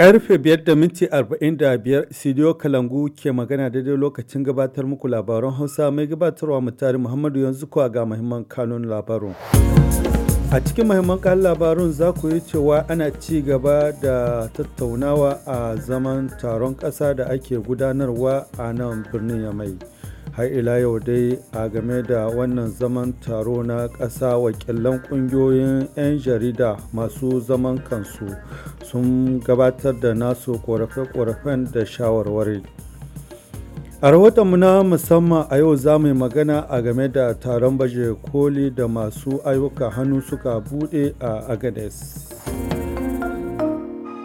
Karfe biyar da minti biyar Sidiyo Kalangu ke magana daidai lokacin gabatar muku labaran Hausa mai gabatarwa mutari Muhammadu yanzu kuwa ga mahimman kanun labarun. A cikin mahimman kan labarun za ku yi cewa ana ci gaba da tattaunawa a zaman taron ƙasa da ake gudanarwa a nan birnin Yamai. har ila yau dai a game da wannan zaman taro na ƙasa wakilan ƙungiyoyin 'yan jarida masu zaman kansu sun gabatar da nasu ƙorafe-ƙorafen da shawarwari a rahoton mu na musamman a yau za mu yi magana a game da taron baje koli da masu ayyuka hannu suka buɗe a agades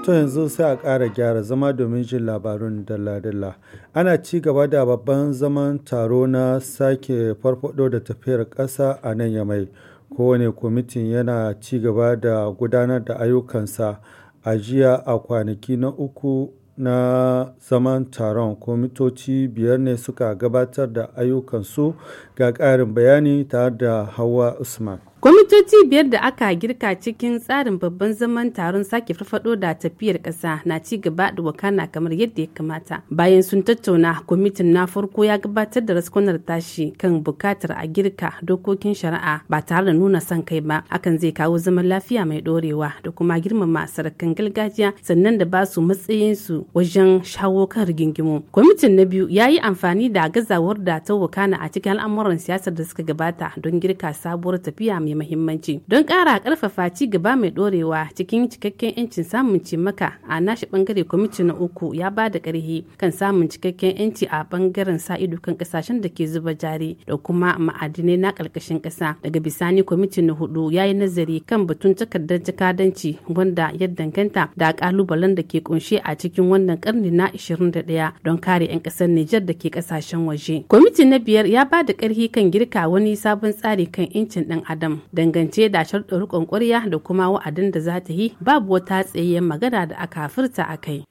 To yanzu sai a ƙara gyara zama domin jin labarun dalla-dalla. Ana ci gaba da babban zaman taro na sake farfado da tafiyar ƙasa a nan yamai. Kowane kwamitin yana ci gaba da gudanar da ayyukansa a jiya a kwanaki na uku na zaman taron kwamitoci biyar ne suka gabatar da ayyukansu ga ƙarin bayani tare da Hawa Usman. Kwamitoci biyar da aka girka cikin tsarin babban zaman taron sake farfado da tafiyar ƙasa na ci gaba da wakana kamar yadda ya kamata. Bayan sun tattauna, kwamitin na farko ya gabatar da raskunar tashi kan bukatar a girka dokokin shari'a ba tare da nuna son kai ba. Akan zai kawo zaman lafiya mai dorewa da kuma girmama sarakan gargajiya sannan da ba su matsayinsu wajen shawo kan rigingimu. Kwamitin na biyu ya yi amfani da gazawar da ta wakana a cikin al'amuran siyasar da suka gabata don girka sabuwar tafiya mai mahimmanci don ƙara ƙarfafa ci gaba mai ɗorewa cikin cikakken 'yancin samun cimaka a nashi ɓangare kwamiti na uku ya ba da ƙarhi kan samun cikakken 'yanci a ɓangaren sa ido kan ƙasashen da ke zuba jari da kuma ma'adinai na ƙarƙashin ƙasa daga bisani kwamiti na hudu ya yi nazari kan batun takardar jakadanci wanda ya danganta da ƙalubalen da ke kunshe a cikin wannan ƙarni na da 21 don kare 'yan ƙasar Nijar da ke ƙasashen waje. Kwamiti na biyar ya ba da ƙarhi kan girka wani sabon tsari kan 'yancin ɗan adam dangance da sharɗin rikon ƙwarya da kuma wa'adin da za ta yi babu wata tsayayyen magana da aka furta a kai.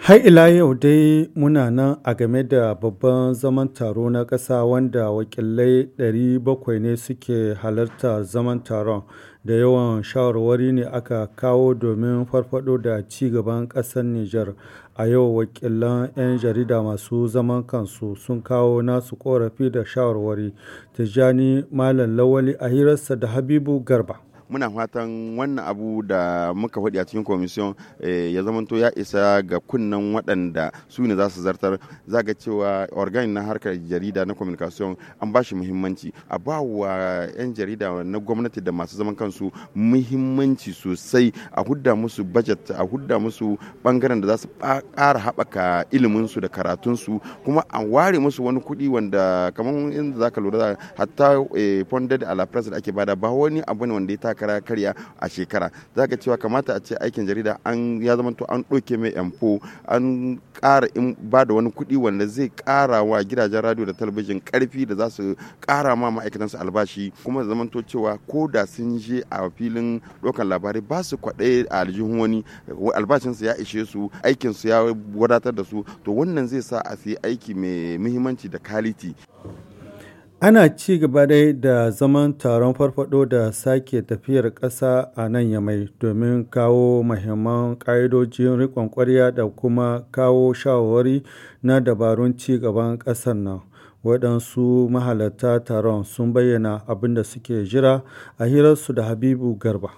Har ila yau dai muna nan a game da babban zaman taro na ƙasa wanda wakilai 700 ne suke halarta zaman taron da yawan shawarwari ne aka kawo domin farfado da ci gaban ƙasar Nijar. A yau wakilan 'yan jarida masu zaman kansu sun kawo nasu korafi da shawarwari. Tijjani Malam Lawali a hirarsa da Habibu Garba. muna fatan wannan abu da muka faɗi a cikin komisiyon eh, ya zamanto ya isa ga kunnan waɗanda su ne za su zartar za ga cewa organ na harkar jarida na communication an ba shi muhimmanci a ba wa 'yan jarida na gwamnati da masu zaman kansu muhimmanci sosai a hudda musu budget a hudda musu bangaren da za su ƙara haɓaka iliminsu da karatunsu kuma a ware musu wani kuɗi wanda kamar inda za ka lura hatta eh, funded a la da ake bada ba wani abu ne wanda ya kara karya a shekara za ka cewa kamata a ce aikin jarida an ya zama to an ɗauke mai yanfo an ƙara in ba da wani kuɗi wanda zai ƙara wa gidajen radio da talabijin ƙarfi da za su ƙara ma su albashi kuma zaman to cewa ko da sun je a filin ɗaukar labarai ba su kwaɗe a aljihun wani albashinsu ya ishe su aikinsu ya wadatar da su to wannan zai sa a sayi aiki mai muhimmanci da kaliti Ana ci gaba dai da zaman taron farfaɗo da sake tafiyar ƙasa a nan yamai domin kawo mahimman ƙa'idojin riƙon ƙwarya da kuma kawo shawarwari na dabarun ci gaban ƙasar nan. Waɗansu mahalarta taron sun bayyana abin da suke jira a hirarsu da Habibu Garba.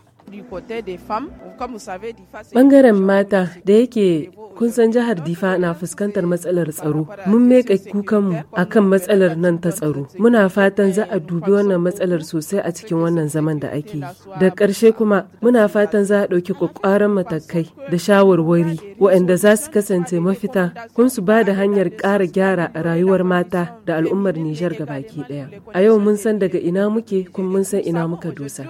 Bangaren mata da yake kun san jihar Difa na fuskantar matsalar tsaro. Mun meka kukanmu a kan matsalar nan ta tsaro. Muna fatan za a dubi wannan matsalar sosai a cikin wannan zaman da ake yi. Da ƙarshe kuma muna fatan za a ɗauki ƙwaƙwaran matakai da shawarwari waɗanda za su kasance mafita kun su ba da hanyar ƙara gyara a rayuwar mata da al'ummar Nijar baki ɗaya. A yau mun san daga ina muke kun mun san ina muka dosa.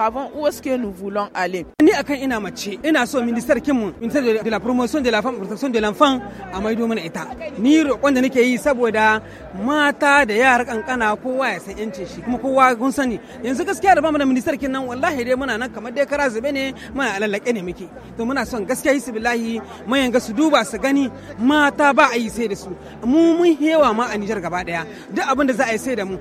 savons où est-ce que nous voulons aller. Ni akan ina mace ina so ministar kinmu minister de la promotion de la femme protection de l'enfant a maido mana ita. Ni roƙon da nake yi saboda mata da yara kankana kowa ya san yancin shi kuma kowa kun sani yanzu gaskiya da bamu da minister kin nan wallahi dai muna nan kamar dai kara zube ne muna alallake ne muke. To muna son gaskiya yi billahi mayan ga su duba su gani mata ba a yi sai da su mu mun hewa ma a Nijar gaba daya duk abin da za a yi sai da mu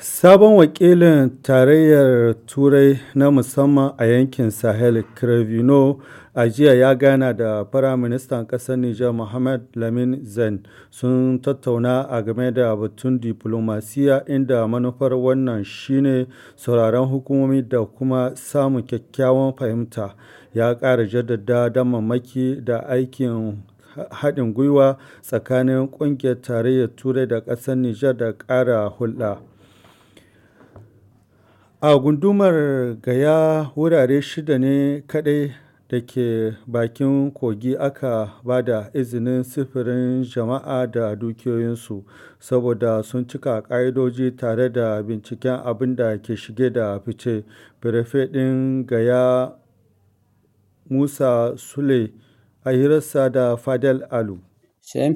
Sabon wakilin Tarayyar Turai na musamman a yankin Sahel, Crevino, a jiya ya gana da Firaministan ƙasar Nijar Mohamed Lamin Zen sun tattauna a game da batun diplomasiya inda manufar wannan shine sauraron hukumomi da kuma samun kyakkyawan fahimta. Ya ƙara jaddada damammaki da aikin haɗin gwiwa tsakanin ƙungiyar tarayyar turai da ƙasar Nijar da ƙara hulɗa. A gundumar Gaya wurare shida ne kadai da ke bakin kogi aka ba da izinin sifirin jama'a da dukiyoyinsu, saboda sun cika ƙa'idoji tare da binciken abin da ke shige da fice, Firefe ɗin Gaya musa Sule a hirarsa da Fadel Alu. C'est un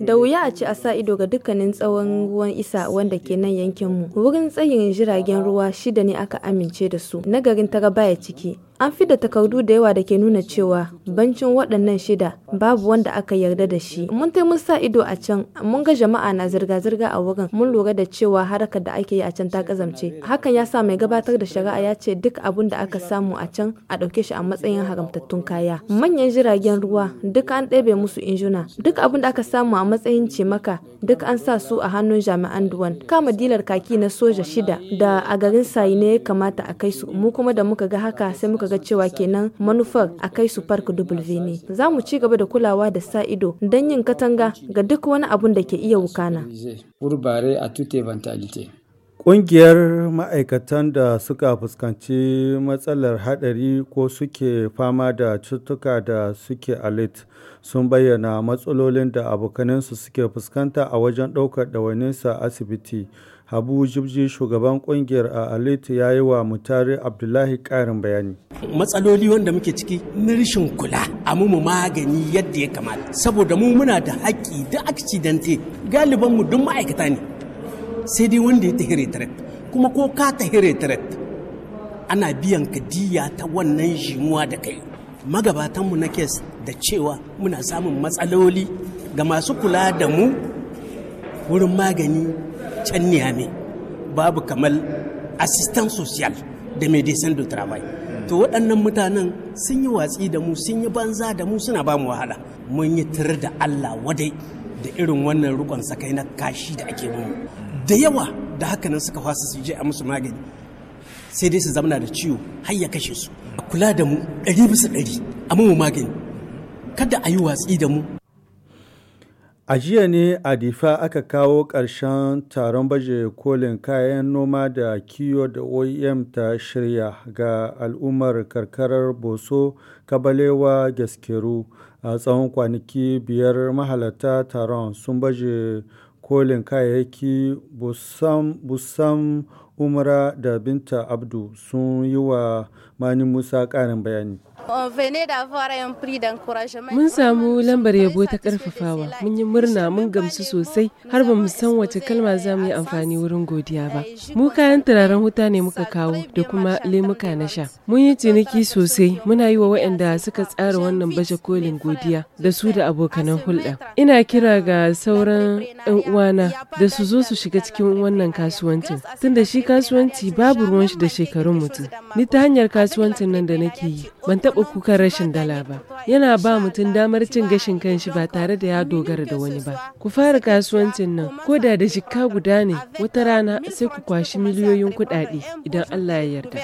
Da wuya a ci a sa ido ga dukkanin tsawon ruwan isa wanda ke nan yankinmu. Wurin tsayin jiragen ruwa shida ne aka amince da su, na garin Taraba ya ciki. An fi da takardu da yawa da ke nuna cewa bancin waɗannan shida babu wanda aka yarda da shi. Mun tai mun sa ido a can, mun ga jama'a na zirga-zirga a wurin, mun lura da cewa harakar da ake yi a can ta kazamce. Hakan ya sa mai gabatar da shari'a ya ce duk abun da aka samu a can a ɗauke shi a matsayin haramtattun kaya. Manyan jiragen ruwa duk an ɗebe musu injuna, duk abun da aka samu a matsayin cimaka duk an sa su a hannun jami'an duwan. Kama dilar kaki na soja shida da a garin sayi ne ya kamata a kai su, mu kuma da muka ga haka sai muka muka ga cewa kenan manufar a kai su Park W ne. Za mu ci gaba da kulawa da sa ido don yin katanga ga duk wani abun da ke iya wukana. Ƙungiyar ma'aikatan da suka fuskanci matsalar haɗari ko suke fama da cutuka da suke alit sun bayyana matsalolin da abokaninsu suke fuskanta a wajen ɗaukar ɗawainarsa a asibiti. Habu Jibji shugaban kungiyar a Alit ya yi wa Mutare Abdullahi ƙarin bayani. Matsaloli wanda muke ciki na rashin kula a mu magani yadda ya kamata. Saboda mu muna da haƙƙi da accidente galiban mu duk ma'aikata ne. Sai dai wanda ya tahi retret kuma ko ka tahi retret ana biyan ka diya ta wannan jimuwa da kai. Magabatanmu na kes da cewa muna samun matsaloli ga masu kula da mu wurin magani can niyame babu kamar assistant social da medicine du travail to waɗannan mutanen sun yi watsi da mu sun yi banza da mu suna ba mu wahala mun yi tur da allah wadai da irin wannan rukon sakai na kashi da ake mu da yawa da haka hakanan suka fasa su je a musu magani sai dai su zamana da ciwo har ya kashe su kula da mu ɗari bisa ɗari a mu magani kada a yi watsi da mu A jiya ne a difa aka kawo ƙarshen taron baje kolin kayan noma da kiyo da OEM ta shirya ga al'ummar karkarar Boso, Kabalewa, Gaskeru. A tsawon kwanaki biyar mahalarta taron sun baje kolin kayayyaki Busam, Umra da Binta Abdu sun yi wa Mani Musa ƙarin bayani. E mun samu lambar yabo ta karfafawa, mun yi murna mun gamsu sosai har ba mu san wace kalma za mu yi amfani wurin godiya ba. Mu kayan turaren wuta ne muka kawo da kuma lemuka na sha. Mun yi ciniki sosai muna yi wa waɗanda suka tsara wannan baje kolin godiya da su da abokanan hulɗa. Ina kira ga sauran ɗan uwana da su zo su shiga cikin wannan kasuwancin. Tunda shi kasuwanci babu ruwan shi da shekarun mutum. Ni ta hanyar kasuwancin nan da nake yi, ban taɓa uku kan rashin dala ba. Yana ba mutum damar cin gashin kanshi ba tare da ya dogara da wani ba. Ku fara kasuwancin nan, ko da da jikka guda ne, wata rana sai ku kwashi miliyoyin kuɗaɗe idan Allah ya yarda.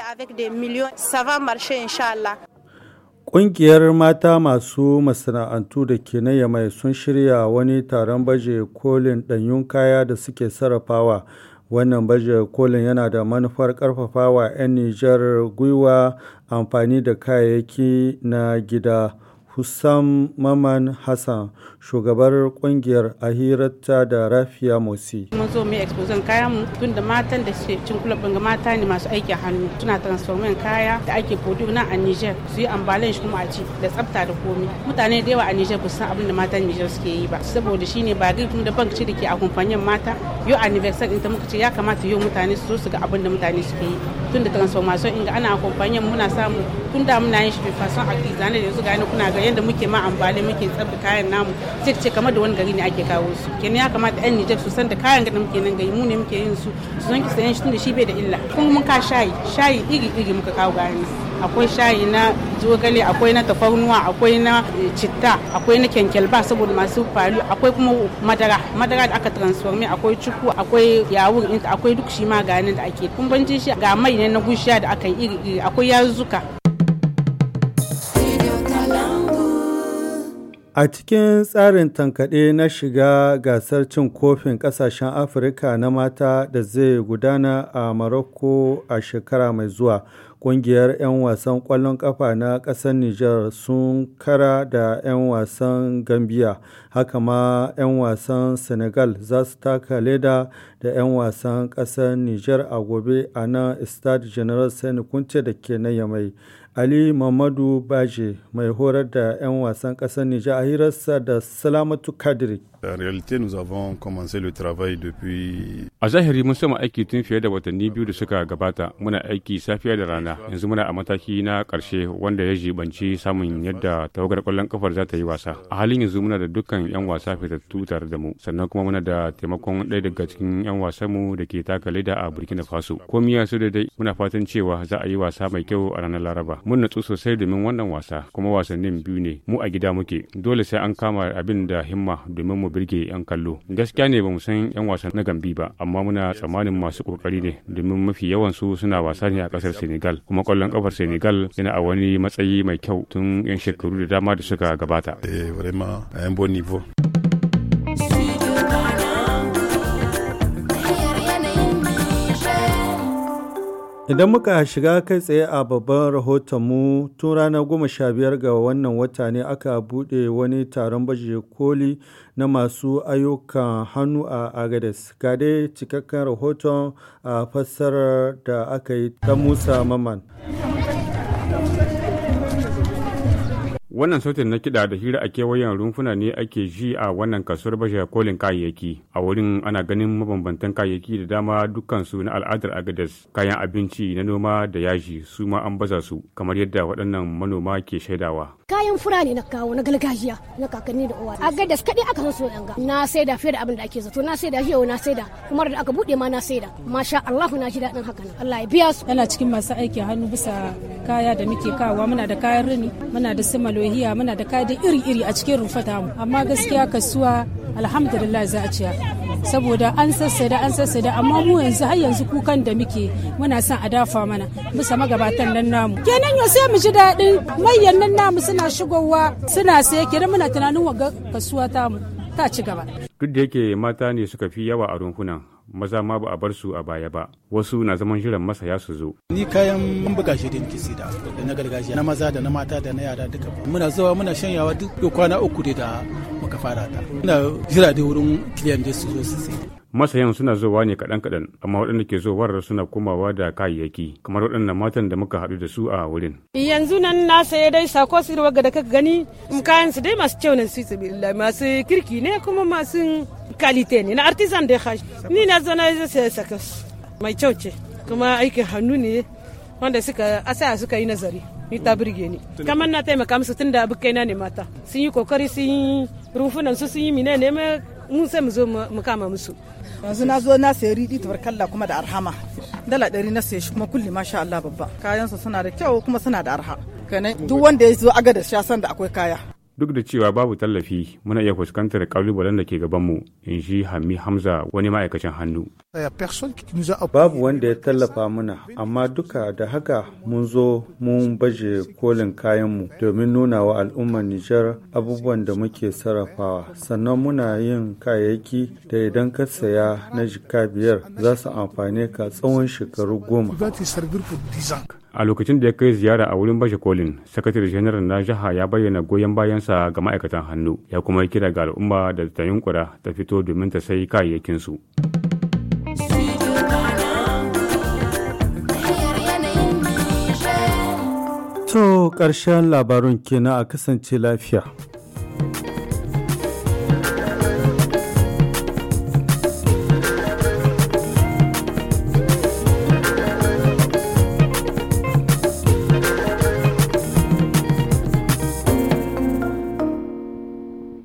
Ƙungiyar mata masu masana'antu da ke na Yamai sun shirya wani taron baje kolin ɗanyun kaya da suke sarrafawa Wannan baje kolin yana da manufar ƙarfafawa ‘yan Nijar gwiwa amfani da kayayyaki na gida. Hussam Maman Hassan, shugabar kungiyar Ahirata da Rafiya Mosi. Mun zo mai exposan kaya mu tun da matan da suke cin kula ga mata ne masu aiki hannu suna transformin kaya da ake kodu na a Niger su yi ambalin shi kuma a ci da tsafta da komi. Mutane da yawa a Niger ba san abin da matan Niger suke yi ba saboda shi ne ba tun da bank ce da ke a kumfanyen mata yau anniversary ta muka ce ya kamata yau mutane su zo su ga abin da mutane suke yi tun da transformation inga ana kumfanyen muna samu tun da muna yin shi fasan a zane da yanzu gane kuna ga yadda muke ma amfani muke tsabta kayan namu sai ce kamar da wani gari ne ake kawo su kenan ya kamata yan Nijar su san da kayan da muke nan gari mu ne muke yin su su san ki sayan shi tunda shi bai da illa kun mun ka shayi shayi iri iri muka kawo garin akwai shayi na zogale akwai na tafarnuwa akwai na eh, citta akwai na kyankyalba saboda masu falu akwai kuma madara madara da aka transforme akwai cuku akwai yawun inta akwai duk shi maganin da ake kumbancin shi ga mai ne na gushiya da aka yi iri iri akwai yazuka A cikin tsarin tankaɗe na shiga gasar cin kofin ƙasashen Afirka na mata da zai gudana a Morocco a shekara mai zuwa, ƙungiyar 'yan wasan ƙwallon ƙafa na ƙasar Nijar sun kara da 'yan wasan Gambia, haka ma 'yan wasan Senegal za su taka leda da 'yan wasan ƙasar Nijar a gobe a nan Stade General Sani Kunce da ke na Yamai. Ali Mamadu Baje mai horar da 'yan wasan ƙasar Nijar a hirarsa da Salamatu Kadiri. En réalité, nous avons commencé le travail depuis A zahiri mun sama aiki tun fiye da watanni biyu da suka gabata muna aiki safiya da rana yanzu muna a mataki na karshe wanda ya jibanci samun yadda tawagar kwallon kafar za ta yi wasa. A halin yanzu muna da dukkan 'yan wasa fitattu tare da mu sannan kuma muna da taimakon ɗaya daga cikin 'yan wasan mu da ke taka leda a Burkina Faso. Komi miya su daidai muna fatan cewa za a yi wasa mai kyau a ranar Laraba. Mun natsu sosai domin wannan wasa kuma wasannin biyu ne mu a gida muke dole sai an kama abin da himma domin mu birge 'yan kallo. Gaskiya ne ba mu san 'yan wasan na gambi ba amma muna tsammanin masu kokari ne domin mafi yawan su suna wasa ne a kasar Senegal kuma kwallon kafar Senegal yana a wani matsayi mai kyau tun yan shekaru da dama da suka gabata. Eh, Idan muka shiga kai tsaye a babban mu tun ranar goma sha biyar ga wannan wata ne aka buɗe wani taron baje koli na masu ayyukan hannu a Agades. Ga dai cikakken rahoton a fassarar da aka yi ta Musa Maman. Wannan sautin na kiɗa da hira a kewayen rumfuna ne ake ji a wannan kasuwar bashar kolin kayayyaki. A wurin ana ganin mabambantan kayayyaki da dama dukkansu na al'adar agadas kayan abinci na noma da yaji su ma an baza su kamar yadda waɗannan manoma ke shaidawa. kayan fura ne na kawo na gargajiya na kakanni da uwa a da kaɗai aka san soyan ga na saida fiye da abin da ake zato na saida yau na saida kuma da aka buɗe ma na saida masha Allah na ji daɗin haka Allah ya biya su yana cikin masu aiki hannu bisa kaya da muke kawowa muna da kayan rini muna da simalohiya muna da kayan da iri-iri a cikin rufata mu amma gaskiya kasuwa alhamdulillah za a ciya saboda an sassada an sassada amma mu yanzu har yanzu kukan da muke muna son a dafa mana bisa magabatan nan namu kenan yau sai mu ji daɗin mayan nan namu suna shigowa suna saye kenan muna tunanin wa kasuwa mu ta ci gaba duk da yake mata ne suka fi yawa a rumfunan maza ma ba a bar su a baya ba wasu na zaman jiran masaya su zo ni kayan mun buga shi da kisi da na gargajiya na maza da na mata da na yara duka muna zuwa muna shanyawa duk kwana uku da muka fara ta ina jira da wurin kiliyan da su zo su sai masayan suna zowa ne kaɗan-kaɗan amma waɗanda ke zowar suna komawa da kayayyaki kamar waɗannan matan da muka haɗu da su a wurin. yanzu nan na saye dai sako sirwa ga da gani kayan su dai masu kyau nan su masu kirki ne kuma masu kalite ne na artisan da ya ni na zo na saye sakas mai kyau ce kuma aikin hannu ne wanda suka asaya suka yi nazari ni ta birge ni kamar na taimaka musu tun da abokaina ne mata sun yi kokari sun yi rufunan su sun yi mine ne mun sai mu zo mu kama musu yanzu na zo na sayi riɗi tabarkalla kuma da arhama dala ɗari na sayi shi kuma kulli masha Allah babba Kayan kayansa suna da kyau kuma suna da arha kenan duk wanda ya zo aga da shasan da akwai kaya duk da cewa babu tallafi muna iya fuskantar kalubalen da ke gabanmu in ji hami hamza wani ma'aikacin hannu babu wanda ya tallafa muna amma duka da haka mun zo mun baje kolin kayanmu domin nuna wa al'ummar nijar abubuwan da muke sarrafawa sannan muna yin kayayyaki da idan ka saya na jika biyar za su amfane ka tsawon shekaru goma a lokacin da ya kai ziyara a wurin bashe kolin sakatare janar na jiha ya bayyana goyon bayansa ga ma'aikatan hannu ya kuma kira ga al'umma da ta yunkura ta fito domin ta sai kayayyakinsu to karshen labarun kenan a kasance lafiya